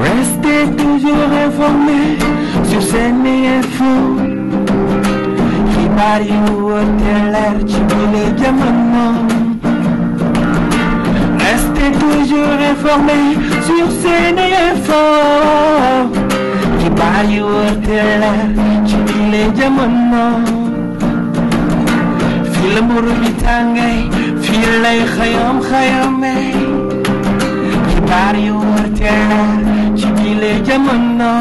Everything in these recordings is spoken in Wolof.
Restez toujours informés sur CNIFO. Kibari Hotel Chibile Diamant. Restez toujours informés sur CNIFO. Kibari Hotel Chibile Diamant. Filamur Bitangay, Filay Khayam Khayamay. Kibari Hotel yile jamono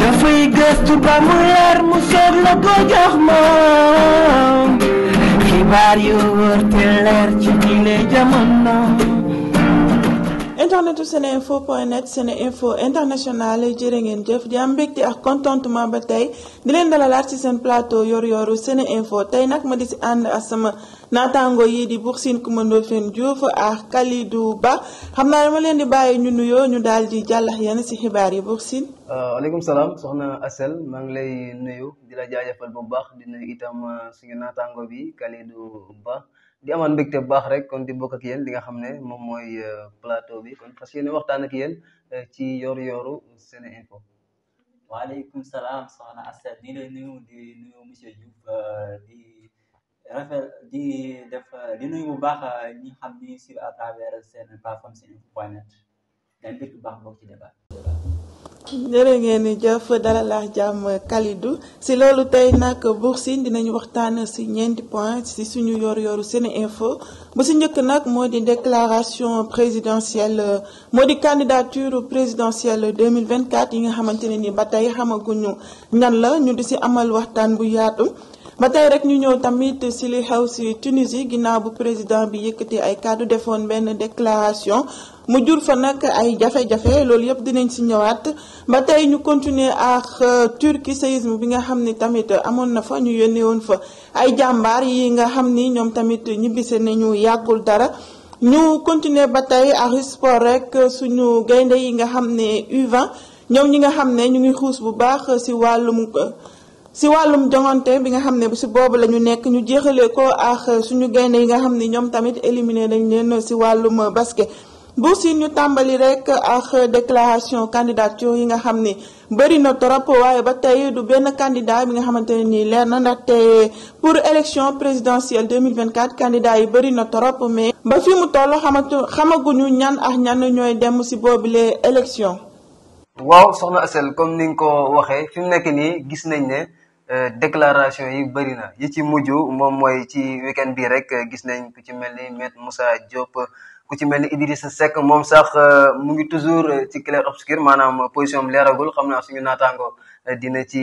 dafay gëstu ba mu leer mu soog la ko jox moom xibaar yu wër te leer ci yile jamono internetu sene info point net sene info international jërë ngeen jëf di am mbégte ak contentement ba tey di leen dalalaat ci seen plateau yor yoru sene info tey nag ma di si ànd ak sama naataango yi di Bour Sine Coumba Ndoffène Diouf ak du Ba xam naa dama leen di bàyyi ñu nuyoo ñu daal di jàllax yenn si xibaar yi Bour Sine waaleykum euh, salaam soxna Asel maa ngi lay nuyu di la jaajëfal bu baax di nuyu itam euh, suñu naataango bi Kalidou Ba di amaan mbégte bu baax rek kon di bokk ak yéen li nga xam ne moom mooy euh, plateau bi kon fas yéene waxtaan ak yéen euh, ci yoor yooru Sene Info waaleykum salaam soxna a di lay nuyu di nuyu monsieur Diouf euh, di def di nuyu bu baax ñi xam ni sur à travers seen plateforme seneinfo point net dañ dëkk baax bokk ci débat jërë ngeen jëf dalalaax jàmm kalidu si loolu tey nag Buur Sine dinañu waxtaan si ñeenti point si suñu yor-yoru Sene Info bu si njëkk nag moo di déclaration présidentielle moo di candidature présidentielle 2024 yi nga xamante ne ni ba tey xamaguñu ñan la ñu di si amal waxtaan bu yaatu. ba tey rek ñu ñëw tamit si li xew si Tunisie ginnaaw bu président bi yëkkati ay kàddu defoon benn déclaration mu jur fa nag ay jafe-jafe loolu yëpp dinañ si ñëwaat ba tey ñu continuer ak euh, turki séisme bi nga xam ni tamit amoon na fa ñu yónnee woon fa ay jàmbaar yi nga xam ni ñoom tamit ñibbise nañu yàggul dara. ñu continuer ba tey ak sport rek suñu gaynde yi nga xam ne U20 ñoom ñi nga xam ne ñu ngi xuus bu baax si wàllum. si wàllum jongante bi nga xam ne si boobu la ñu nekk ñu jeexalee ko ak suñu gaynde yi nga xam ne ñoom tamit éliminer nañ leen si wàllum basket. bu si ñu tàmbali rek ak déclaration candidature yi nga xam ni bëri na trop waaye ba tey du benn candidat bi nga xamante ne nii leer na ndaxte pour élection présidentielle 2024 candidat yi bëri na trop mais ba fi mu toll xamaguñu ñan ak ñan ñooy dem si boobule élection. waaw soxna Asel comme ni nga ko waxee gis nañ Euh, déclaration yi bëri na yi ci mujj moom mooy ci weekend bi rek euh, gis nañ ku ci mel ni maître Moussa Diop ku ci mel ni Idrissa Seck moom sax euh, mu ngi toujours ci clair obscur maanaam position am leeragul xam naa suñu naataangoo dina ci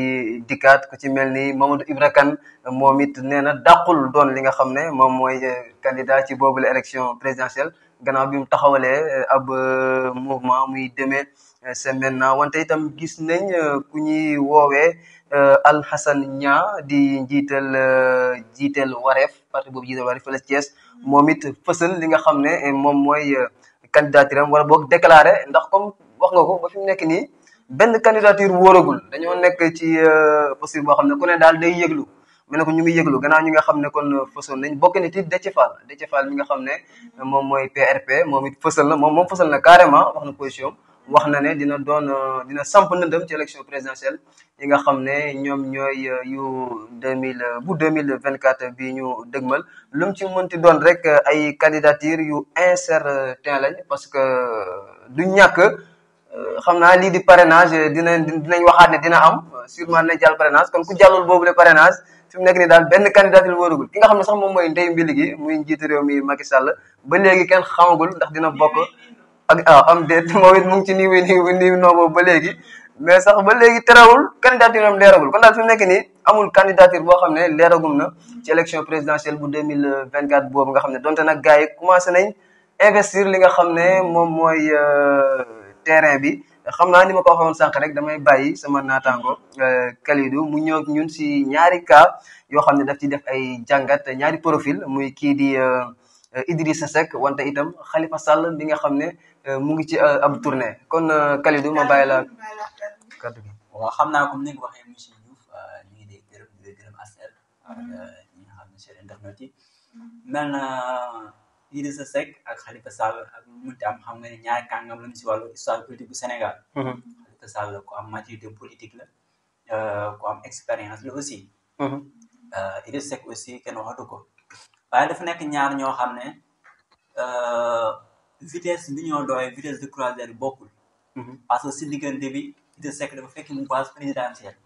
dikkaat ku ci mel ni Mamadou Ibra Kane moom it nee na dàqul doon li nga xam ne moom mooy candidat ci boobu la élection présidentielle gannaaw bi mu ab mouvement muy demee. c'est maintenant wante itam gis nañ euh, ku ñuy woowee euh, Alhassane Niang di njiital euh, jiital wareef parti boobu jiital wareef fële Thiès moom it fësal li nga xam ne moom mooy candidature wala boog déclaré ndax comme wax nga ko ba nekk nii benn candidature wóoragul dañoo nekk ci posture boo xam ne ku daal day yëglu mel ne ko ñu ngi yëglu gannaaw ñi nga xam ne kon fësal nañ bokk na ci Déthié Fall nga xam ne moom mooy PRP moom it fësal na moom moom fësal na carrément wax na position wax na ne dina doon dina samp ndëndëm ci élection présidentielle yi nga xam ne ñoom ñooy euh, yu deux mille euh, bu deux mille vingt quatre bii ñu dëgmal lu mu ci mënti doon rek euh, ay candidature yu incertain lañ parce que du ñàkk xam naa lii di parenage dina dinañ waxaat ne dina am sûrement dinañ jàll parrainage kon ku jàllul boobu le parrainage fi mu nekk nii daal benn candidature wóorugul ki nga xam ne sax moom mooy ndey mbili gi muy njiitu réew mi Macky Sall ba léegi kenn xamagul ndax dina bokk ak ah, am déet moom it mu ngi ci niveau niveau niveau non boobu ba léegi mais sax ba léegi terewul candidature am leeragul kon daal fi mu nekk nii amul candidature boo xam ne leeragum na ci élection présidentielle bu deux mille vingt quatre boobu nga xam ne donte nag gars yi commencé nañ investir li nga xam ne moom mooy euh, terrain bi. xam naa ni ma ko waxoon sànq rek damay bàyyi sama naataango euh, Kalidou mu ñëw ñun si ñaari cas yoo xam ne daf ci def ay jàngat ñaari profil muy kii di euh, Idrissa Seck wante itam bi nga xam ne. Euh, mu ngi ci euh, ab tournée kon euh, Kalidou ma bàyyi la kaddu gi. xam naa comme ni nga ko waxee monsieur Diouf ñu ngi lay gërëm di lay gërëm Astel. ak mm-hmm. ñi xam ne seen internet yi. mel na Idrissa Seck ak Khalifa Sall ak lu mu am xam nga ne ñaari kàngam lañ si wàllu histoire politique bu Sénégal. Mm-hmm. Khalifa Sall ku am maturité politique la. ku am expérience la aussi. Mm-hmm. Idrissa Seck aussi kenn waxatu ko. waaye dafa nekk ñaar ñoo xam ne. vitesse bi ñoo doxee vitesse de croisière bi bokkul. Mhm. parce que si diggante bi de Seck dafa fekk mu base présidentielle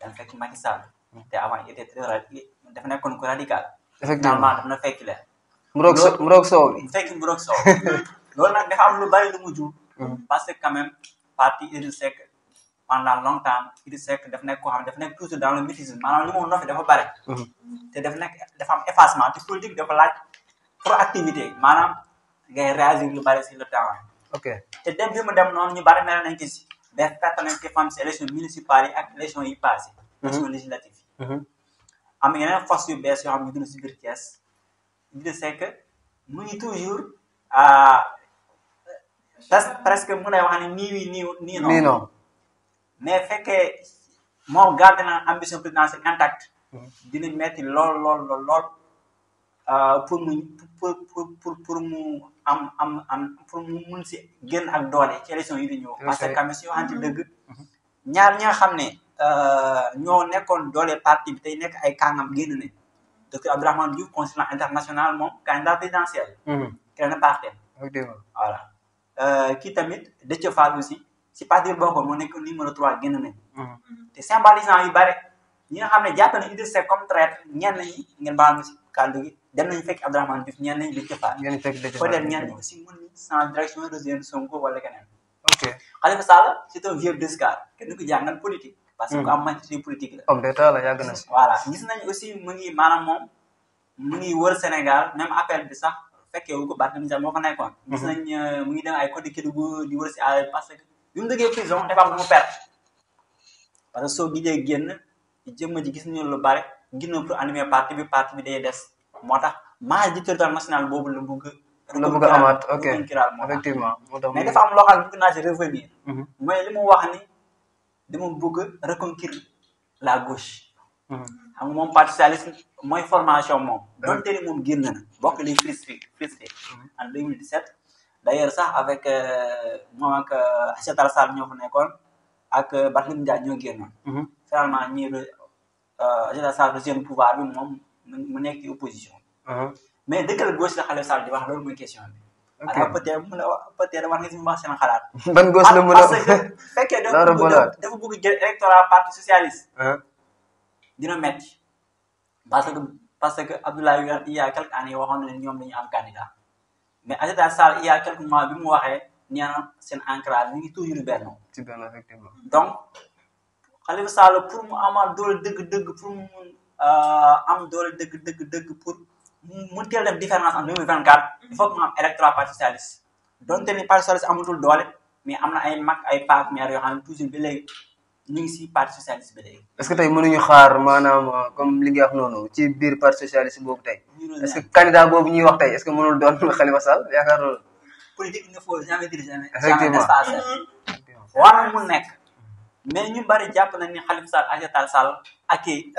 dafa fekk Macky Sall. Mhm. te ko radical. effectivement normalement dafa na fekk leen. mburoog so mburoog soow bi. soow loolu nag dafa am lu bari lu mu jur. Mhm. parce que quand même parti Idrissa Seck pendant longtemps Idrissa Seck dafa nekk koo xam ne dafa nekk toujours dans le mutisme maanaam li mu a dafa bare. te dafa nekk dafa am effacement te politique dafa laaj proactivité maanaam. ngay réagir lu bari si le terrain. ok te dem bi mu dem noonu ñu bari mel nañ ci si. mais fekk nañ ci fam si élection municipale yi ak élection yi passé. Mhm. élection législative yi. Mhm. am yeneen force yu bees yoo xam ne ñu dund si biir Thiès. ñu que mu ngi toujours ah, presque mun ne wax ne nii wii nii nii non. mais fekkee moom garde na ambition présidentielle intacte. Mhm. dinañ metti lool lool lool lool. Euh, pour mu pour pour pour mu am am am pour mu mun si génn ak doole ci élection yi di ñëw. parce que quand même su ñu mm-hmm. dëgg. Mm-hmm. ñaar ñi xam ne euh, ñoo nekkoon doole parti bi tey nekk ay kàngam génn nañ docteur Abdourahmane Diouf consulat international moom candidat présidentiel. Mm-hmm. kenn parti. voilà euh, kii tamit Déthié Fall aussi si parti bi bokkoon moo nekk numéro 3 génn nañ. te sympathisants yi bare ñi nga xam ne jàpp na Idrissa Seck comme traître ñenn ñi ngeen baal si. kàddu gi dem nañ fekk Abdourahmane Diouf ñenn ñi Déthié Fall. ñenn fekk Déthié Fall peut être ñenn aussi mën nañ sans direction de Sonko wala keneen. ok Khalifa Sall c'est un vieux kenn ko jàngal politique. parce que ku hmm. am maturité politique la. la yàgg na si. mu ngi maanaam moom mu ngi wër Sénégal même appel bi sax fekkee wu ko Barthélémy Dias moo fa nekkoon. Hmm. gis nañ euh, mu ngi dem ay côté Kédougou di wër si àll parce que bi mu dëggee prison dafa am lu mu perte parce que soo gisee génn jëmm ji gis nañu lu bare. ngir na pour animer parti bi parti bi day des moo tax masse du territoire national boobu la bëgg la bëgg amaat ok effectivement mais dafa am loo xam ne bëgg naa si revenir mhm. dama bëgg reconquérir la gauche mhm. moom parti socialiste mooy formation moom donte ni moom génn na bokk lay frustré frustré mhm. en 2017 d'ailleurs sax avec euh, moom ak euh, Aïssata Tall Sall ñoo fa nekkoon ak euh, Barthélémy Dias ñoo génnoon finalement Aïssata Sall na seen pouvoir bi mu nekk ci opposition mais dëggal gauche la Khalifa Sall di wax loolu mooy question bi ok alors peut-être mun na peut-être war nga si wax seen xalaat. ban gos la mun a parce que fekkee dafa bëgg dafa bëgg jël électorat parti socialiste. dina métti. parce que parce que Abdoulaye il y a quelques années waxoon na ne ñoom dañu am candidat mais Aïssata Sall il y a quelques mois bi mu waxee nee na seen ancrage ñu ngi toujours benn. ci Khalifa Sall pour mu amaat doole dëgg-dëgg pour mu euh, am doole dëgg-dëgg-dëgg pour mu teel def différence en 2024 il faut que mu am électorat parti socialiste donte ni parti socialiste amatul doole mais am na ay mag ay paak maire yoo xam ne toujours ba léegi ñu ngi si parti socialiste ba léegi. est ce que tey mënuñu xaar maanaam euh, comme li nga wax noonu ci biir parti socialiste boobu tey. est ce que boobu ñuy wax tey est ce que mënul doon Khalifa Sall yaakaar loolu. politique ne faut jamais dire jamais. effectivement mais ñu bari jàpp nañ ni Khalifa Sall ak a Tall Sall ak i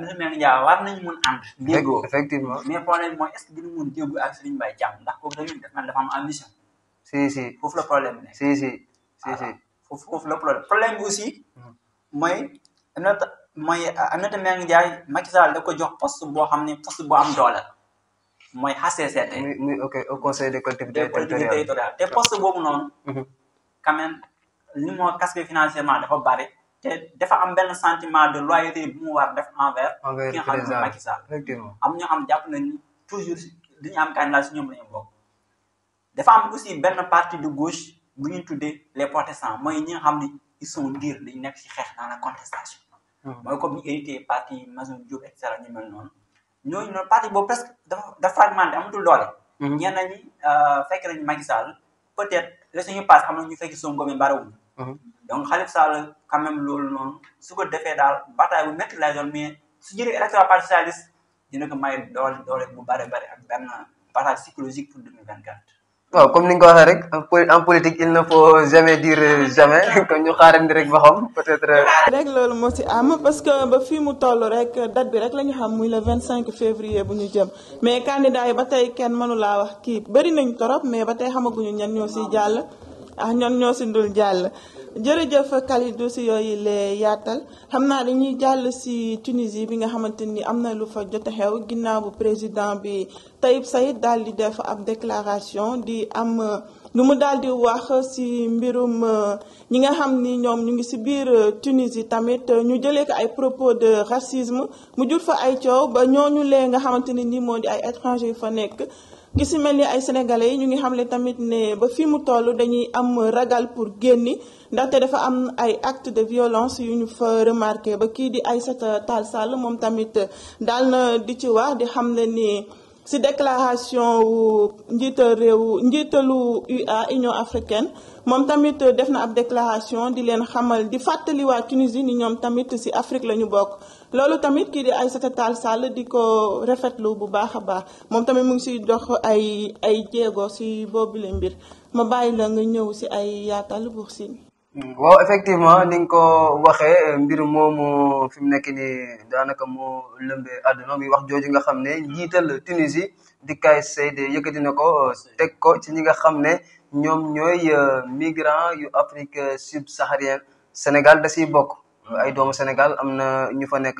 monsieur Mbengue Ndiaye war nañu mun ànd. effectivement mais problème mooy est-ce que dina mun jéego ak Serigne Mbaye jàmm ndax kooku tamit am ambition. si si foofu la problème bi nekk. si si si si. foofu foofu la problème problème bi aussi. Hmm. mooy Aminata mooy euh, Aminata Mbengue Ndiaye Macky Sall da ko jox post boo xam ni post bu am doole mooy HCCT. muy muy ok au conseil des collectivités territoriales des te poste boobu noonu. Hmm. quand même. li moo casque financièrement dafa bari te dafa am benn sentiment de loyauté bu mu war def envers. envers ki nga xam ne Macky am ñoo xam jàpp nañu toujours li ñu am candidat si ñoom la ñu dafa am aussi benn parti de gauche bu ñu tuddee les protestants mooy ñi nga xam ni ils sont durs dañu nekk si xeex dans la contestation. Hmm. mooy comme ñu hérité parti Mazoune Diop et ñu mel noonu. ñooñu noonu parti boobu presque dafa dafa fragmenté amatul doole. Hmm. ñenn ñi euh, fekk nañu Macky Sall peut-être les suñu passe am na ñu fekk Sonko mi bariwul. donc Khalifa Sall quand même loolu noonu su ko defee daal bataille bu métti lay doon mais su jëlee électoral parti socialiste dina ko may doole doole bu bare bare ak benn bataille psychologique pour 2024. waaw comme ni nga ko waxee rek en politique il ne faut jamais dire jamais kon ñu xaarandi rek ba xam peut-être. Euh, rek loolu moo ci am parce que ba fii mu toll rek date bi rek la ñu xam muy le 25 février bu ñu jëm mais candidat yi ba tey kenn mënu laa wax kii bëri nañ torop mais ba tey xamaguñu ñan ñoo ciy jàll. ah ñoom ñoo si ndul jàll jërëjëf Kalidou si yooyu lee yaatal xam naa dañuy jàll si Tunisie bi nga xamante ni am na lu fa jot xew ginnaaw président bi Taïb Saïed daal di def ab déclaration di am lu mu daal di wax si mbirum ñi nga xam ni ñoom ñu ngi si biir Tunisie tamit ñu jëlee ko ay propos de racisme mu jur fa ay coow ba ñooñu lee nga xamante ni nii moo di ay étranger yu fa nekk. gi si mel ni ay sénégalais yi ñu ngi xamle tamit ne ba fi mu toll dañuy am ragal pour génni ndaxte dafa am ay acte de violence yu ñu fa remarqué ba kii di Aïssata Tall Sall moom tamit daal na di ci wax di xam xamle ni si déclaration wu njiital réew njiitalu UA Union africaine moom tamit def na ab déclaration di leen xamal di fàttaliwaat Tunisie ni ñoom tamit si Afrique la ñu bokk. loolu tamit kii di ay Tall Sall di ko rafetlu bu baax a baax moom tamit mu ngi si dox ay ay jéego si boobule mbir ma bàyyi la nga ñëw si ay yaatal buur si. waaw effectivement ni nga ko waxee mbir moom fi mu nekk nii daanaka moo lëmbee àdduna muy wax jooju nga xam ne jiital Tunisie di Kais Saied yëkkati na ko teg ko ci ñi nga xam ne ñoom ñooy euh, migrants yu Afrique subsaharienne Sénégal da siy bokk. ay doomu Sénégal am na ñu fa nekk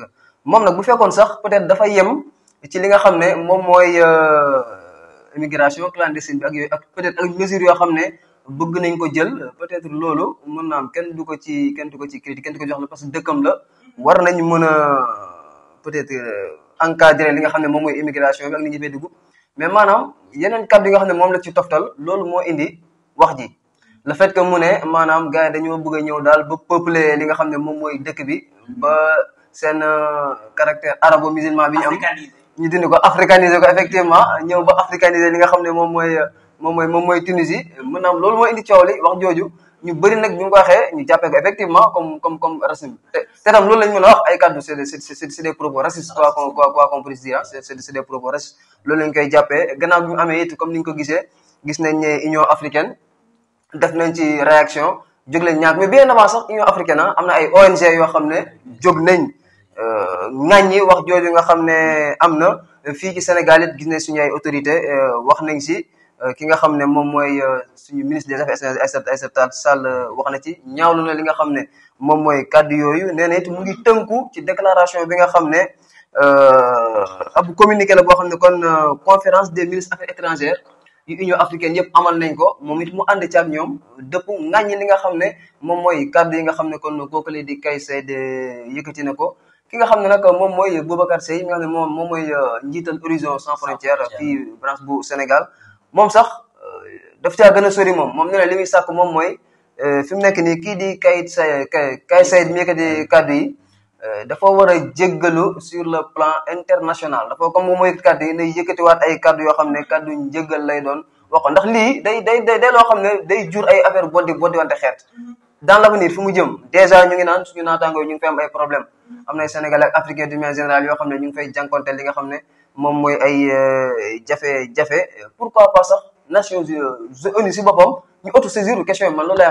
moom nag bu fekkoon sax peut-être dafa yem ci li nga xam ne moom mooy euh, immigration clandestine bi ak yooyu peut-être ak mesure yoo xam ne bëgg nañ ko jël peut-être loolu mën naa am du ko ci kenn du ko ci critique kenn du ko jox la parce que dëkkam la war nañ mën a peut-être euh, encadrer li nga xam ne moom mooy immigration bi ak nit ñi fay dugg mais maanaam yenen kàddu yi nga xam ne moom la ci toftal loolu moo indi wax ji le fait que mu ne maanaam gars yi dañoo bëgg a ñëw daal ba peupler li nga xam ne moom mooy dëkk bi ba seen euh, caractère arabo musulman bi ñu am ñu dindi ko africaniser ko effectivement ñëw ba africaniser li nga xam ne moom mooy euh, moom mooy moom mooy Tunisie maanaam loolu moo indi coow li wax jooju ñu bëri nag ñu ko waxee ñu jàppee ko effectivement comme comme comme racisme te te tam a wax ay kaddu c'est des propos racistes quoi quoi quoi c'est des propos racistes loolu lañ koy jàppee gannaaw bi mu amee it comme ni ñu ko gisee gis nañ ne Union def nañ ci réaction jóg nañ ñaag mais bien avant sax Union africaine ah, am na ay ONG yoo xam ne jóg nañ euh, ŋàññi wax jooju nga xam ne am na fii ci Sénégal it gis suñu ay autorité euh, wax nañ si euh, ki nga xam ne moom mooy suñu ministre des affaires étrangères Aïssata Sall wax na ci ñaawlu na li nga xam ne moom mooy kàddu yooyu nee na it mu tënku ci déclaration bi nga xam ne ab communiqué la boo xam ne kon conférence des ministres affaires étrangères yu union africaine yëpp amal nañ ko moom it mu ànd ci ak ñoom dëpp ŋàññi li nga xam ne moom mooy kàddu yi nga xam ne kon kooku la di kay seed yëkkati na ko ki nga xam ne nag moom mooy Boubacar Seye mi nga xam ne moom mooy euh, njiital Horizon sans frontière fii branche bu Sénégal moom sax euh, daf caa gën a sori moom moom ne la li moom mooy euh, fi mu nekk nii kii di kayit say kay sayid mi yëkkati kàddu Euh, dafa war a jéggalu sur le plan international dafa comme moom mooy kàddu yi nay ay kàddu yoo xam ne kàddu njëggal lay doon wax ko ndax lii day day day loo xam ne day jur ay affaire boddi boddi wante xeet mhm. dans l'avenir fu mu jëm déjà ñu ngi naan suñu naataangoo yi ñu ngi fay am ay problème mhm. am na Sénégal ak africain du manière générale yoo xam ne ñu ngi fay jànkonte li nga xam ne moom mooy ay jafe-jafe euh, pourquoi pas sax Nations Unies si boppam ñu auto-saisir question yi man loolu li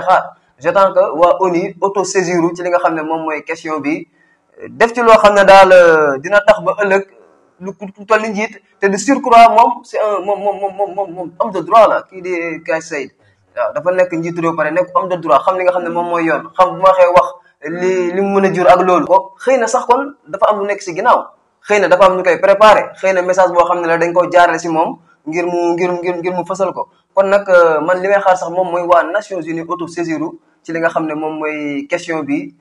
nga xam ne moom mooy question bi def ci loo xam ne daal euh, dina tax ba ëllëg lu ku toll ni njiit te de surcroît moom c'est un moom moom moom moom am de droit la kii di Kaye Saïd dafa nekk njiitu réew pare nekk am de droit xam li nga xam ne moom mooy yoon xam bu ma wax li li mu mën a jur ak loolu. ko xëy na sax kon dafa am lu nekk si ginnaaw xëy na dafa am ñu koy préparé xëy na message boo xam ne la dañ koo jaarale si moom ngir mu ngir ngir ngir mu fësal ko kon nag euh, man li may xaar sax moom mooy waa Nations Unies auto saisiru ci li nga xam ne moom mooy question bi.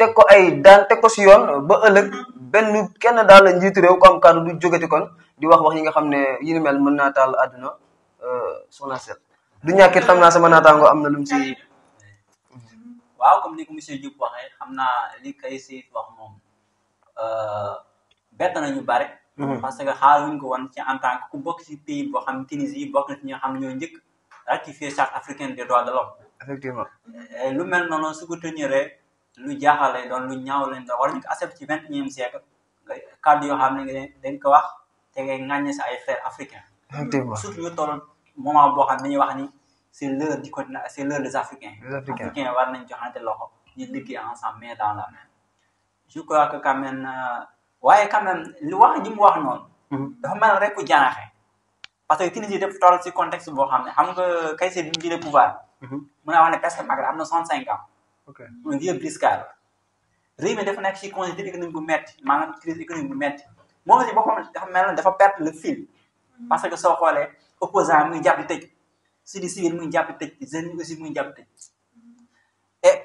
teg ko ay daan teg si yoon ba ëllëg benn kenn daal la njiitu réew ko am kàddu du kon di wax wax yi nga xam ne yi ni mel mën naa taal àdduna euh, soxna Sel du ñàkkit xam naa sama naataango am na lum mu si. waaw comme ni ko monsieur Diop waxee xam naa li kay si wax moom euh, bett nañu bare. Mhm. parce que xaaruñ ko woon ci en tant ku bokk ci pays boo xam Tunisie bokk na ci ñoo xam ñoo njëkk ratifié charte africaine des droits de l'homme effectivement euh, lu mel noonu su ko tëñëree lu jaaxal lay doon lu ñaaw lay doon wala ñu ko vingt et unième siècle kàddu yoo xam ne dañ wax te ngay ŋàññe sa ay frères africains. effectivement surtout ñu toll moment boo xam ne ñu wax ni c' est l' heure du continent c' est l' heure des africains. des africains africains war nañu joxante loxo ñu liggéey ensemble main dans la main. je crois que quand même euh, waaye quand même li wax ñi mu wax noonu. Mhm. dafa mel rek ku janaxe parce que Tunisie dafa toll si context boo xam ne xam nga Kayseri bi mu jëlee pouvoir. mën mhm. naa ne presque Maghreb am na soixante cinq ngir fiscal réew mi dafa nekk ci conjoncture économique bu metti maanaam crise économique bu metti moom si boppam dafa mel na perte le fil parce que soo xoolee opposant mu ngi jàpp di tëj si di civil mu ngi jàpp di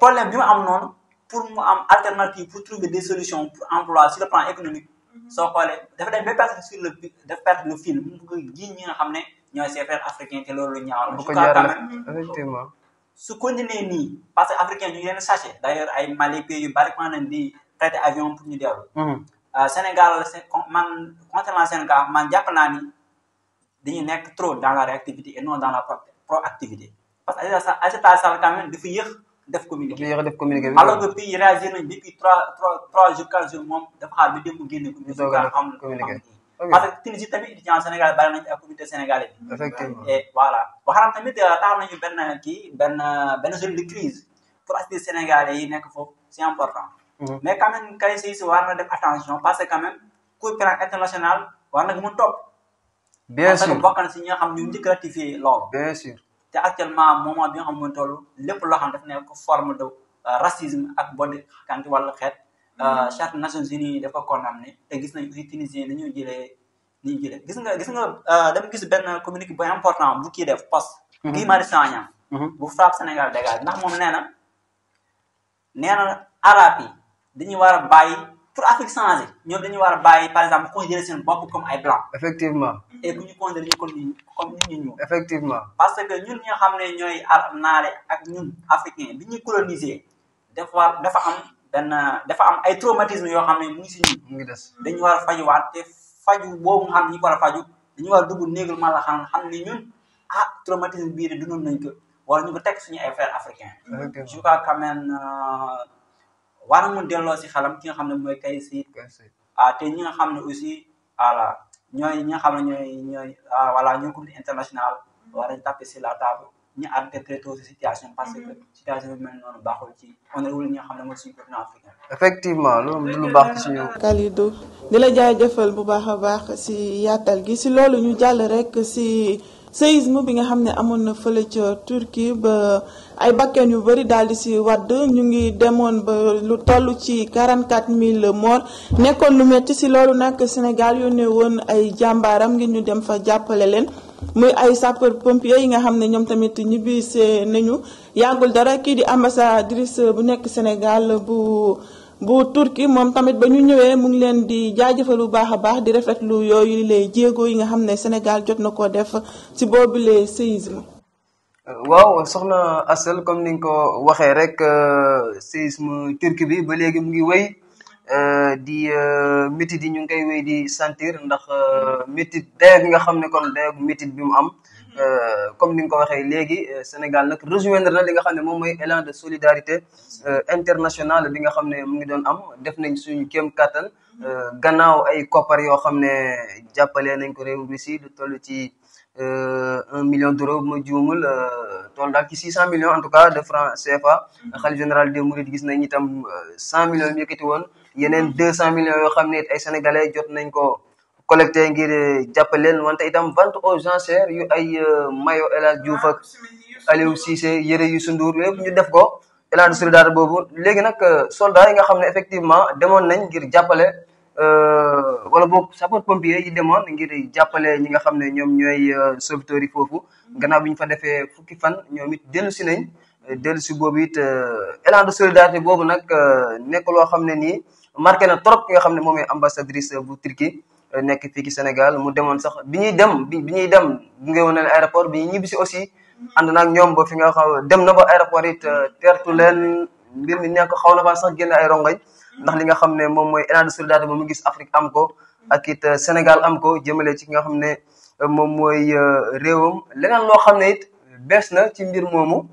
problème bi mu am noonu pour mu alternative pour trouver des solutions pour emploi sur le plan économique soo xooole dafa dem perte le dafa perte le fil mu ngi jiiñ ñi nga xam ne ñooy ses frères africains te loolu ñaaw la effectivement su continuer nii parce que africain ñu ngi leen saché d'ailleurs ay Mali pays yu bari mën nañ di traité avion pour ñu dellu mm-hmm. euh, Sénégal man concernant Sénégal man jàpp naa ni nekk trop dans la réactivité et non dans la proactivité parce que Aïssata Sall quand même dafa yéex def communiqué def communiqué alors que pays réagir nañ depuis trois trois trois jours quatre jours moom dafa xaar bi démb génne xam communiqué parce que Tunisie tamit étudiant Sénégal bari nañ ci ak communauté sénégalais bi. effectivement et voilà. waxaram tamit euh, taxaw nañu benn kii benn benn zone de crise pour assister sénégalais yi nekk foofu si est important. Mhm. mais quand même kay si si war attention parce que quand même cour pénale internationale war na ko mun topp. bien sûr parce que si nga xam ñu njëkk ratifié loolu. bien sûr te actuellement moment bi nga xam ne mooy toll lépp loo xam daf nekk forme de euh, racisme ak boddi kanti wàllu xeet. Ah, hmm. charte Nations Unies dafa condamné te gis nañ aussi Tunisien nañu jëlee nañu jëlee gis nga gis nga ah, dama gis benn communiqué bu important bu kii def poste hmm. Guy Marius Sagna hmm. bu frappe Sénégal dégage ndax moom nee na nee na arabe yi dañuy war a bàyyi pour Afrique changer ñoom dañuy war a bàyyi par exemple considérer seen bopp comme ay blanc. effectivement et bu ñu considérer ñu comme ñu ñu ñu. effectivement parce que ñun ñoo xam ne ñooy arab naale ak ñun africain bi ñuy dana dafa am ay traumatisme yoo xam ne mu ngi si ñun. mu ngi des dañu war a fajuwaat te faju boobu nga xam ne ñu ko faju dañu war a dugg néegul ma la xam xam ne ñun ah traumatisme bii de dundoon nañ ko wala ñu ko teg suñu ay frères africains. je crois quand même euh, war na mun delloo si xalam ki nga xam ne mooy kay si. ah te ñi nga xam ne aussi voilà ñoo ñi nga xam a ñooy ñooy ah, voilà si la table. ñu mhm. baaxul ci effectivement loolu lu baax ci suñu. Kalidou di la jaajëfal bu baax a baax si yaatal gi si loolu ñu jàll rek si séisme bi nga xam ne amoon na fële ca Turquie ba ay bakken yu bëri daal di si wadd ñu ngi demoon ba lu toll ci mille morts nekkoon lu metti si loolu nag Sénégal yónnee woon ay jàmbaaram ngir ñu dem fa jàppale leen. muy ay sapeur pompier yi nga xam ne ñoom tamit ñibbisee nañu yàggul dara kii di ambassadrice bu nekk Sénégal bu bu Turquie moom tamit ba ñu ñëwee mu ngi leen di jaajëfal bu baax a baax di rafetlu yooyu lay jéego yi nga xam ne Sénégal jot na ko def ci boobule séisme. waaw soxna Asel comme ni ko waxee rek euh, séisme Turquie bi ba léegi mu ngi wéy. Euh, di euh, métit yi ñu ngi koy wéy di santir ndax euh, métit dayoo bi nga xam ne kon dayoo métit bi mu am mhm. comme ni nga ko waxee léegi Sénégal nag rejoindre na li nga xam ne moom mooy élan solidarité internationale bi nga xam ne mu ngi doon am def nañ suñu kém kàttan mhm. gannaaw ay koppar yoo xam ne jàppale nañ ko réew mi si lu toll ci un million d'euros bu ma juumul tool daal ci six cent millions en tout cas de francs CFA xalif mhm. général des mourides gis nañ itam cent millions yëkkati woon yeneen deux cent millions yoo xam ne ay sénégalais jot nañ ko collecté ngir eh, jàppale leen wante itam vente aux enchères yu ay eh, mayo El Hadj Diouf ak Aliou Cissé yëre yu sunduur yëpp ñu def ko élan de solidarité boobu léegi nag eh, soldats yi nga xam ne effectivement demoon nañ ngir jàppale wala bo sapeur pompier yi demoon ngir jàppale ñi nga xam ne ñoom ñooy sauveteurs yi foofu gannaaw bi ñu fa defee fukki fan ñoom it dellu si nañ dellu si boobu it élan de solidarité boobu nag nekk loo xam ne nii marqué na trop ki nga xam ne moom ambassadrice bu Turquie euh, nekk fii ki Sénégal mu demoon sax bi ñuy dem bi ñuy dem nga woon leen aéroport bi ñuy ñibbisi aussi ànd naag ñoom bo fi nga xam dem na ba aéroport it euh, teertu leen mbir mi nekk xaw na faa sax génn ay rongañ ndax li nga xam ne moom mooy élan de solidarité ba mu gis Afrique am ko ak it euh, Sénégal am ko jëmale ci ki nga xam ne moom mooy réewam leneen loo xam ne it bees na ci mbir moomu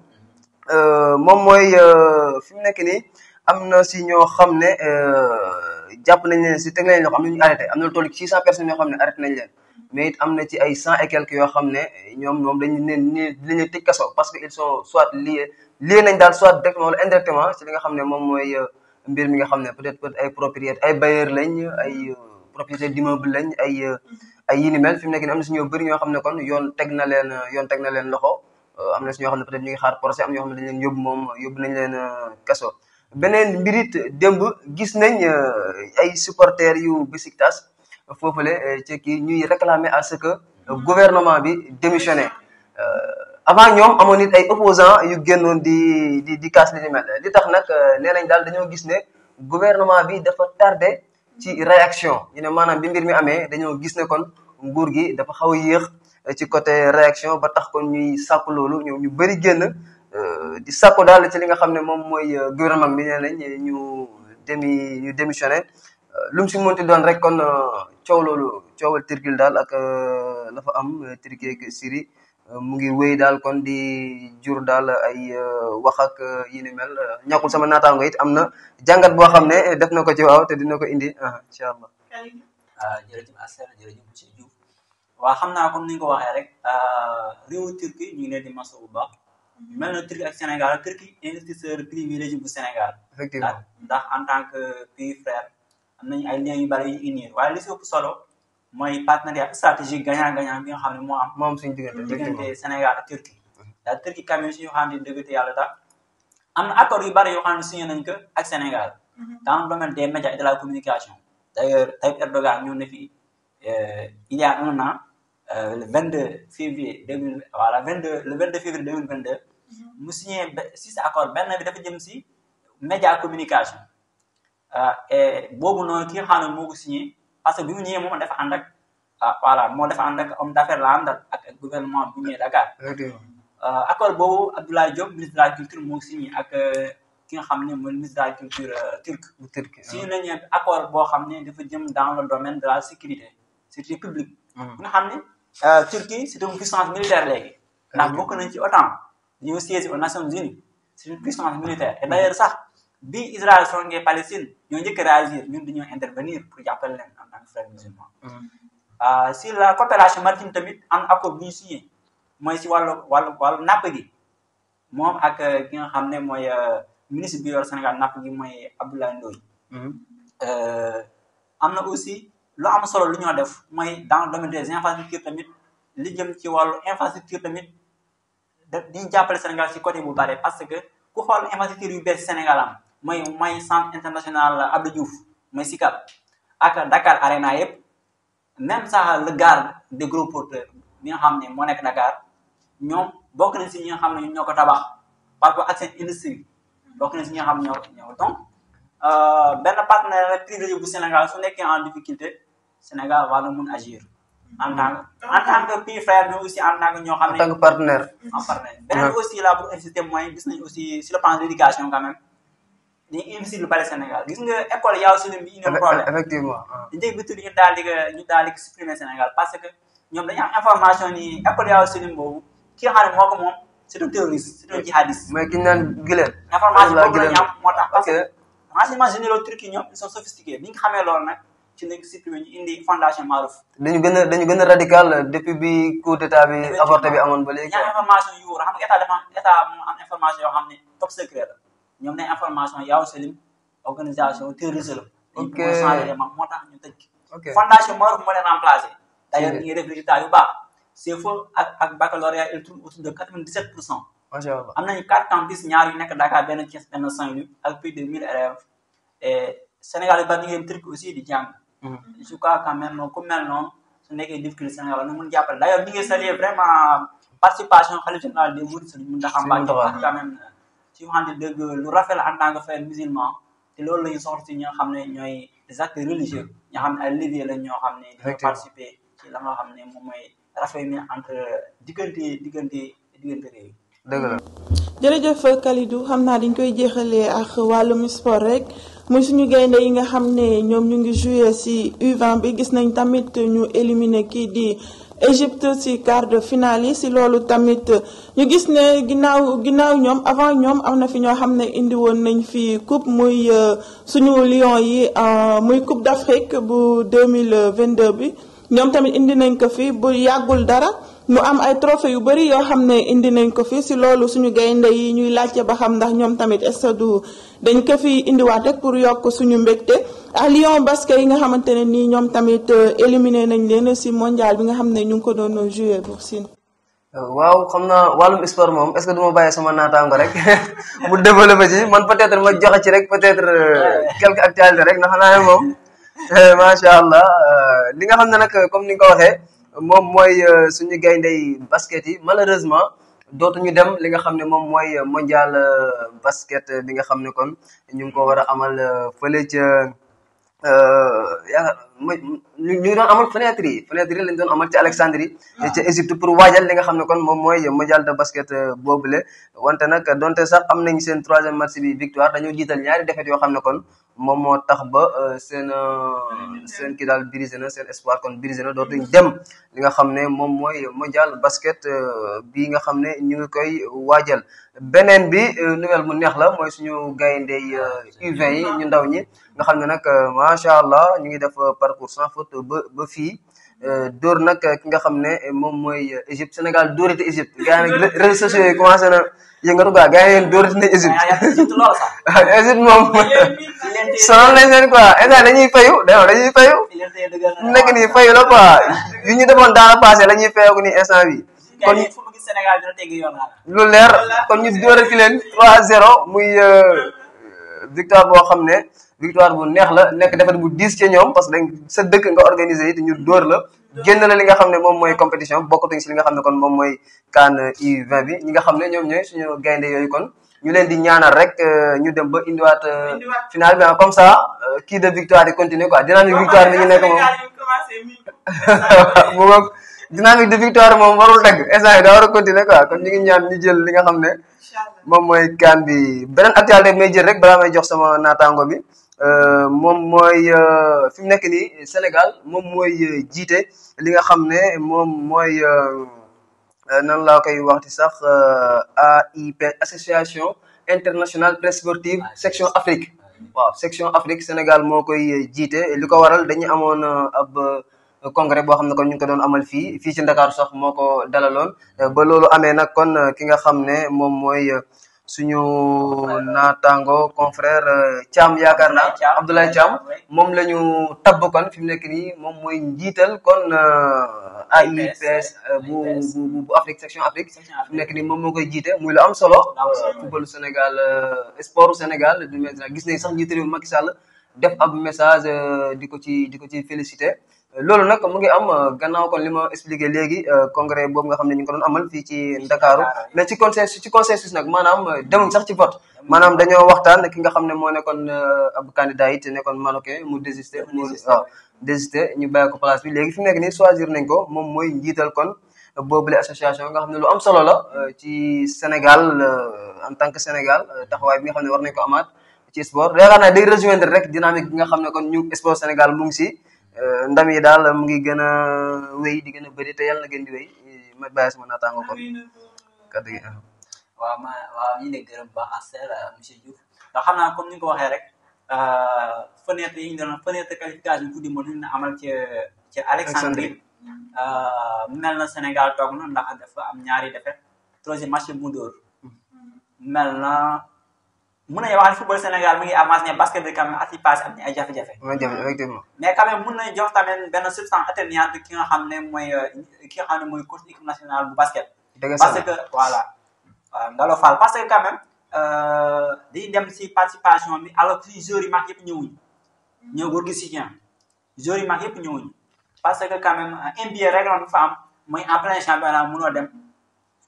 moom mooy fi mu nekk nii am na si ñoo xam ne euh, jàpp nañ leen si teg nañ leen loxo am na ñu arrêté am na lu toll ci 600 personnes yoo xam ne arrêté nañ leen mais it am na ci ay 100 et quelques yoo xam ne ñoom moom dañu ne nii dañuy tëj kaso parce que ils sont soit liés liés nañ daal soit directement wala indirectement ci li nga xam ne moom mooy euh, mbir mi nga xam ne peut-être peut-être ay propriétaires ay bailleurs lañ ay euh, propriétaires d'immeuble lañ ay ay yi ni mel fi mu nekk nii am na si ñoo bëri ñoo xam ne kon yoon teg na leen yoon teg na leen loxo am na si ñoo xam ne peut-être ñu ngi xaar procès am na ñoo xam ne dañ leen yóbbu moom yóbbu nañ leen kaso beneen mbirit démb gis nañ euh, ay supporters yu foofu foofule euh, ci kii ñuy réclamer à ce que gouvernement bi démissionné euh, avant ñoom amoon it ay opposants yu génnoon di di di kaas li ni mel li tax nag nee nañ daal dañoo gis ne gouvernement bi dafa tardé ci réaction ñu ne maanaam bi mbir mi amee dañoo gis ne kon nguur gi dafa xaw yéex ci côté réaction ba tax kon ñuy sàkku loolu ñoom ñu bëri génn Euh, di sako daal ci li nga xam ne moom mooy euh, gouvernement mi nee ñu demi ñu démissionné euh, lu mu si mënti doon rek kon coow loolu coowal Turquie daal ak la am Turquie ak Syrie mu ngi wéy daal kon di jur daal ay wax ak yi ni mel ñàkkul sama naataango it am na jàngat boo xam ne def na ko ci waaw te dina ko indi ah, incha allah. Ah, jërëjëf Asel jërëjëf monsieur xam naa comme ni ko waxee rek réewu Turquie ñu ngi di masawu bu baax. mel na Turquie ak Sénégal Turquie investisseur privilégié bu Sénégal. effectivement ndax en tant que pays frère am nañu ay liens yu bari yu unir waaye li si solo mooy partenariat stratégique gagnant gagnant bi nga xam ne moo am. moo am suñu diggante diggante Sénégal ak Turquie. ndax Turquie quand même suñu xam ne am na accord yu bari yoo xam nañ ko ak Sénégal. Mhm. dans le domaine de la communication. d'ailleurs Tayyip Erdogan ñëw na fi euh, il a un an euh, le 22 février 2000 voilà 22 le mu signé si accord benn bi dafa jëm si média communication euh, et boobu noonu ki nga xam ne moo ko parce que bi mu ñëwee moom dafa ànd ak ah, voilà moo dafa ànd ak homme d'affaires la ànd ak gouvernement bu ñëwee Dakar. Euh, accord boobu Abdoulaye Diop ministre de la culture moo signé ak euh, ki nga xam ne mooy ministre de la culture turc. turc signé nañu accord boo xam ne dafa jëm dans le domaine de la sécurité sécurité publique. Mm. nga xam ni Turquie c'est une puissance militaire léegi. ndax bokk nañ ci OTAN. ñu ngi siège aux Nations Unies c'est une puissance militaire et d'ailleurs sax bi Israël songee Palestine ñoo njëkk a réagir ñun dañoo intervenir pour jàppale leen en tant que frère musulman mm. ah, si la coopération maritime tamit am accord bu ñu signé mooy si wàllu wàllu wàllu napp gi moom ak euh, ki nga xam ne mooy euh, ministre bi yor Sénégal napp gi mooy Abdoulaye Ndoye mm-hmm. euh, am na aussi lu am solo lu ñoo def mooy dans le domaine des infrastructures tamit li jëm ci wàllu infrastructure tamit dañuy jàppale Sénégal ci côté bu bare parce que ku xool investiture yu bees Sénégal am mooy sant centre international Abdou Diouf mooy SICAP ak Dakar Arena yëpp même sax le garde des gros porteurs bi nga xam ne moo nekk Dakar ñoom bokk nañ si ñi nga xam ne ñoo ko tabax parce que ak seen industrie bokk si ñi nga xam ne ñoo ko ñoo donc euh, benn partenaire privilégié bu Sénégal su nekkee en difficulté Sénégal war na mun agir. en tant que en tant que petit frère mais aussi en tant que ñoo xam ne en tant que partenaire. en partenaire beneen aussi là pour insister mooy gis nañ aussi sur le plan de l' éducation quand même dañuy investir lu bari Sénégal gis nga école yaw si bi ñu problème effectivement ñu dégg bi tudd ñu daal di ñu daal di supprimer Sénégal parce que ñoom dañu am information ni école yaw si boobu ki nga xam ne moo ko moom c' est un terroriste c' est un jihadiste. mais ki ñu naan Guilène. information boobu la ñu am moo tax parce que renseignements généraux turcs yi ñoom ils sont sophistiqués bi ñu xamee loolu nag. ci nekk supprimé ñu indi fondation Maaruf. dañu gën a dañu gën a radical depuis bi coup d'état bi avorté bi amoon ba léegi. ñaar information yu wóor xam nga état dafa état moo am information yoo xam ne top secret la ñoom ne information yaaw selim organisation terroriste la. ok moo tax ñu tëj. ok fondation Maaruf moo leen remplacé. d'ailleurs ak ak baccalauréat il tourne autour de 97 pour cent. macha allah am nañu quatre campus ñaar yu nekk Dakar benn Thiès benn saint ak plus de 1000 élèves aussi di jàng. Mm. je crois quand même ku mel noonu su nekkee livre christian wala nu mun jàppale d'ailleurs ñu ngi vraiment euh, participation xalif général des mourides Serigne Mountakha Mbacké quand ci waxante dëgg lu rafet la en tant que te loolu la ñu soxla ci ñi xam ne ñooy des acteurs religieux mm. ñoo xam ne ñoo xam ne dafa participer ci la nga xam ne moom mooy rafet mi entre diggante diggante diggante réew dëgg la jërëjëf xam naa dañ koy jeexalee ak sport rek muy suñu gaynde yi nga xam ne ñoom ñu ngi joué ci u bi gis nañ tamit ñu éliminé kii di Égypte ci quart de finale yi ci loolu tamit ñu gis ne ginnaaw ginnaaw ñoom avant ñoom am na fi ñoo xam ne indi woon nañ fi coupe muy euh, suñu Lions yi euh, muy coupe d'Afrique bu deux mille 2022 bi ñoom tamit indi nañ ko fi bu yàggul dara nu am ay trophée yu bëri yoo xam ne indi nañ ko fi si loolu suñu gaynde yi ñuy laajte ba xam ndax ñoom tamit est du dañ ko fi indiwaat rek pour yokk suñu mbégte ah Lion basket yi nga xamante ne nii ñoom tamit euh, éliminé nañ leen si mondial bi nga xam ne ñu ngi ko doon joué pour Sine. Euh, waaw xam naa wàllum sport moom est-ce que du ma bàyyi sama naataango rek mu développé ci man peut-être ma joxe ci rek peut-être euh, quelque actualité rek ndax naa ne moom macha allah li nga xam ne nag comme ni ko waxee. moom mooy euh, suñu gayndey basket yi malheureusement dootuñu dem li nga xam ne moom mooy mondial euh, basket bi nga xam ne kon ñu ngi ko war a amal euh, fële ca ñu ngi doon amal fenêtre yi fenêtre yi lañ doon amal ci Alexandrie ah. ca Égypte pour waajal li nga xam ne kon moom mooy mondial de basket boobule wante nag donte sax am nañ seen troisième match bi victoire dañoo jiital ñaari défaite yoo xam ne kon moom moo tax ba euh, seen euh, seen ki daal brisé na seen espoir kon brisé na dootuñ mm-hmm. dem li nga xam ne moom mooy mondial basket euh, bi nga xam ne ñu ngi koy waajal. beneen bi nouvelle mu neex la mooy suñu gaynde U20 yi ñu ndaw ñi nga xam ne nag macha allah ñu ngi def parcours sans faute ba ba fii. dóor nag ki nga xam ne moom mooy Égypte Sénégal dóorite Égypte réseaux sociaux yi commencé yëngatu quoi gars yi yéen dóorati nañ Égypte. waaw ah, ah, Égypte moom. sonal nañ leen quoi état dañuy fayu dañuy fayu. nekk nii fayu la quoi yu ñu defoon daal passé la ñuy fayagu nii instant bi kon lu leer kon ñu dóorati leen 3-0 muy euh, victoire boo xam ne. victoire bu neex la nekk defet bu diis ci ñoom parce que dañ sa dëkk nga organisé yi te ñu dóor la génn la li nga xam ne moom mooy compétition bokkatuñ si li nga xam ne kon bi ñi nga xam ne ñoom ñooy suñu gaynde yooyu kon ñu leen di ñaanal rek euh, ñu dem ba indiwaat euh, final bi ah, comme ça euh, kii de victoire yi continuer quoi dynamique victoire bi ñu nekk moom mu ngoog dynamique de victoire moom warul dagg instant yi daa war a continuer quoi kon ñu ngi ñaan ñu jël li nga xam ne moom mooy CAN bi beneen actualité bi may jël rek balaa may jox sama naataango bi Euh, moom mooy euh, fi mu nekk nii Sénégal moom mooy euh, jiite li nga xam ne moom mooy nan laa koy waxti sax AIP association internationale presse sportive ah, section Afrique ah, waaw section Afrique Sénégal moo koy jiite li ko waral dañu amoon ab congrès boo xam ne kon ñu ngi ko doon amal fii fii ci ndakar sax moo ko dalaloon ba loolu amee nag kon ki nga xam ne moom mooy suñu naataango confrère euh, Thiam yaakaar na Abdoulaye Thiam moom lañu ñu tabb kon fi mu nekk nii moom mooy njiital kon euh, AIPS euh, bu bu bu Afrique section Afrique fi mu nekk moom moo koy jiite muy la am solo footballu Sénégal sportu Sénégal du gis nañ sax njiitu réew Macky Sall def ab di ko ci di ko ci félicité loolu nag mu ngi am euh, gannaaw kon li expliqué léegi euh, congrès boobu nga xam ne ñu ngi ko doon amal fii ci Ndakaaru mais ci consensus ci consensus nag maanaam euh, demuñ sax ci vote maanaam dañoo waxtaan ki nga xam ne moo nekkoon ab candidat yi te nekkoon Marocain mu désisté mu waaw désisté ñu bàyyi ko place bi léegi fi nekk nii choisir nañ ko moom mooy njiital kon boobule association nga xam ne lu am solo la ci Sénégal en tant que Sénégal taxawaay bi nga xam ne war nañ ko amaat ci sport yaakaar naa day rek dynamique bi nga xam ne kon ñu sport Sénégal mu ngi si Eh, ndam yi daal mu ngi gën a wéy di gën a bëri te yàlla na gën di wéy ma bàyyi sama naataango kon kàddu gi ah. waaw ma waaw ñu ngi lay gërëm ba Asel ah, monsieur Diouf ndax xam naa comme ni nga ko waxee rek ah, fenêtre yi ñu doon fenêtre qualification guddi moo ñu amal ci ci Alexandrie mel na Sénégal toog na ndax dafa am ñaari défaite troisième match mu dóor hmm. mel na mën nañu wax ne football Sénégal mu ngi avancé mais basket bi quand même at am na ay jafe-jafe. am na jafe effectivement. mais quand même mën nañu jox tamit benn substance atténuante ki nga xam ne mooy euh, ki nga xam ne mooy coach équipe bu basket. parce que voilà. waaw euh, Ngalo parce que quand même euh, dem si participation bi alors que joueurs yu mag yëpp ñëwuñu. ñëw góor gi si ñaar joueurs yu mag yëpp parce que quand même NBA règlement bi fa am mooy en plein championnat mënoo dem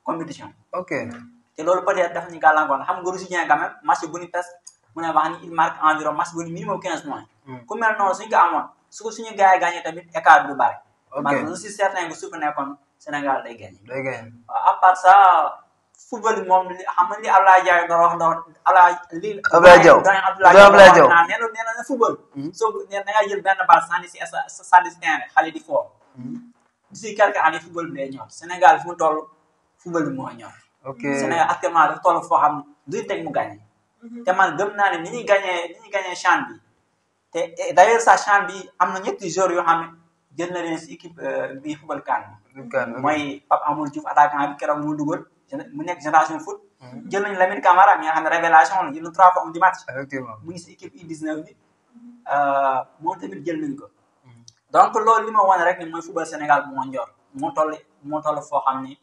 compétition. ok. te loolu peut-être dafa ñu gàllankoor xam nga Russie quand même match bu ñu pes mu ne wax ni il marque environ bu ñu minimum 15 points. Hmm. ku mel noonu suñ ko amoon su ko suñu gars yi gagné tamit écart du bari. ok parce que je suis certain que Sénégal day gagné. day gagné waaw à moom xam li Abdoulaye Diaw doon wax doon Abdoulaye. li Abdoulaye Diaw doon Abdoulaye Diaw nee na nee na football. Hmm. soo ko nee na nga jël benn balle sànni si sa sànni si di foofu. Hmm. d'ici quelques années football bi day ñor ok Sénégal actuellement dafa toll foo xam duñu teg mu gagné. Mhm. te man gëm naa ne ni ñuy gagné ni bi te d'ailleurs sa CHAN bi am na ñetti joueurs yoo xam ne jën na leen si équipe euh, bi football CAN bi. mooy Pape Amadou Diouf attaquant bi keroog mu dugal mu nekk génération foot. Mhm. jël nañu Lamine Camara mi nga xam révélation la jël na trois mu ngi si équipe U19 bi mhm. euh, moom tamit jël nañu ko. donc loolu li ma wane rek ni mooy football Sénégal moo njor moo toll moo toll foo xam ni.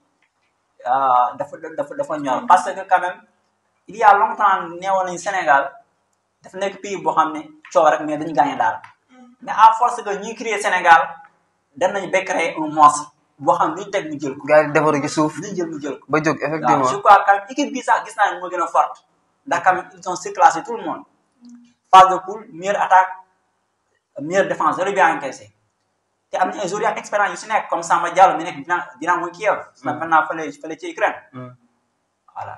Ah, dafa dafa dafa ñor parce que quand même il y a longtemps neewoon nañu Sénégal dafa nekk pays boo xam ne coow rek mais dañu gagné daal mais à force que ñuy créer Sénégal danañ nañ créer un monstre boo xam ne ñu teg ñu jël ko. gars yi defaru suuf ñu jël ñu jël ba jóg effectivement waaw je crois quand même équipe bi sax gis naa ne moo gën a forte ndax quand même ils ont tout le monde phase de poule meilleure attaque meilleure défense yooyu bi encaissé. te am na ay joueurs yu expérience yu nekk comme Samba Diallo mi nekk Dinamo Dinamo Kiev. maintenant fële fële ci Ukraine. voilà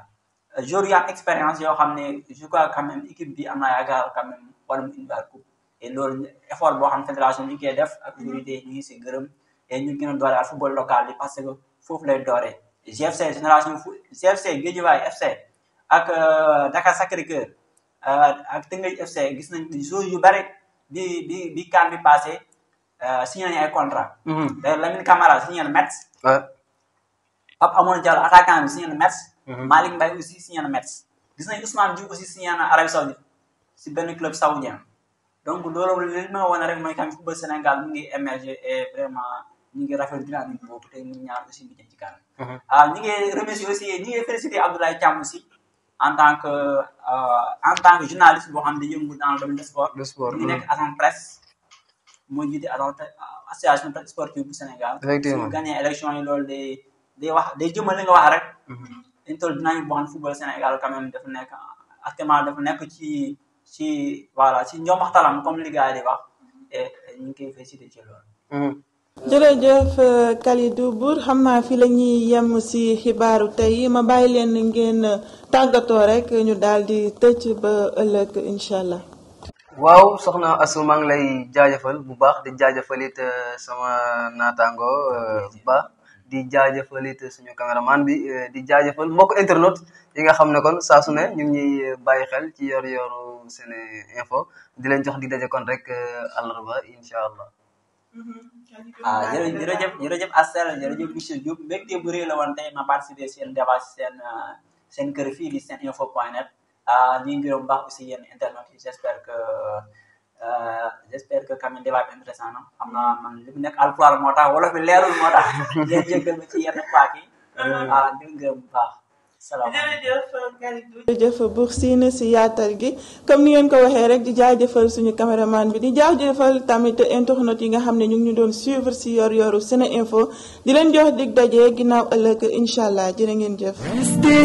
joueurs yu expérience yoo xam ne je crois quand même équipe bi am naa yaakaar quand même war mu indi baal coupe et loolu boo xam fédération ñu ngi koy def ak autorité ñu ngi si gërëm et ñu gën a football local bi parce que foofu lay dooree. GFC génération fu GFC Guédiawaye FC ak Dakar Sacré-Cœur ak Teungueth FC gis nañ joueurs yu bare bi bi bi bi passé. Euh, signé nañu ay contrat. Mhm. d'ailleurs Lamine Camara signé na Metz. Pape Amadou Diallo attaquant bi signé na Metz. Mhm. Malick Mbaye aussi signé na Metz. gis nañu Ousmane aussi signé na Arabie Saoudite si benn club saoudien donc loolu li ma wane rek mooy tamit football Sénégal mu ngi émerger et vraiment. ñu ngi rafetlu dynamique boobu te ñu ñaan aussi ñu jëm ci kanam. Mhm. Ah, ngi remercier aussi ñu ngi féliciter Abdoulaye Thiam aussi en tant que euh, en tant que journaliste boo xam ne yëngu dans le sport. de nekk agent presse. moo jiite alors euh, association sportive bu effectivement su ñu yi loolu de day wax day jëmmal li nga wax rek. Mm-hmm. dañu toll dinañu boo xam football Sénégal quand même dafa nekk actuellement dafa ci ci voilà ci ñoom waxtaanam comme li di wax ñu ngi mm-hmm. euh, xam naa fi la ñuy yem si xibaaru tey ma bàyyi leen ngeen tàggatoo rek ñu daal di tëj ba ëllëg incha waaw soxna Asou maa ngi lay jaajëfal bu baax di jaajëfalit euh, sama naataango euh, ba di jaajëfalit suñu caméraman bi euh, di jaajëfal mbokk internaute yi nga xam ne kon saa su ne ñu ngi ñuy bàyyi xel ci yor yor seen Info di leen jox di daje kon rek àllarba incha allah. ah jërëjëf jërëjëf jërëjëf Asel jërëjëf monsieur Diop mbégte bu rëy la woon tey ma participé seen débat seen seen kër fii di Seneinfo point ñu ah, ngi gërëm baax aussi yéen internet yi j' que euh, j' espère que quand même débat intéressant na xam naa li mu nekk alpulaar moo tax wolof bi leerul moo tax ngeen jéggal ma ci yenn paak yi. Euh. ah di baax. jërëjëf Buur Sine si yaatal gi comme ni ngeen ko waxee rek di jaajëfal suñu caméraman bi di jaajëfal tamit internet yi nga xam ne ñu ngi ñu doon suivre si yor yoru Sene Info di leen jox dig daje ginnaaw ëllëg incha allah jërë ngeen jëf. Restez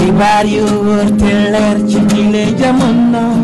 xibaar yu wër te leer ci biir jamono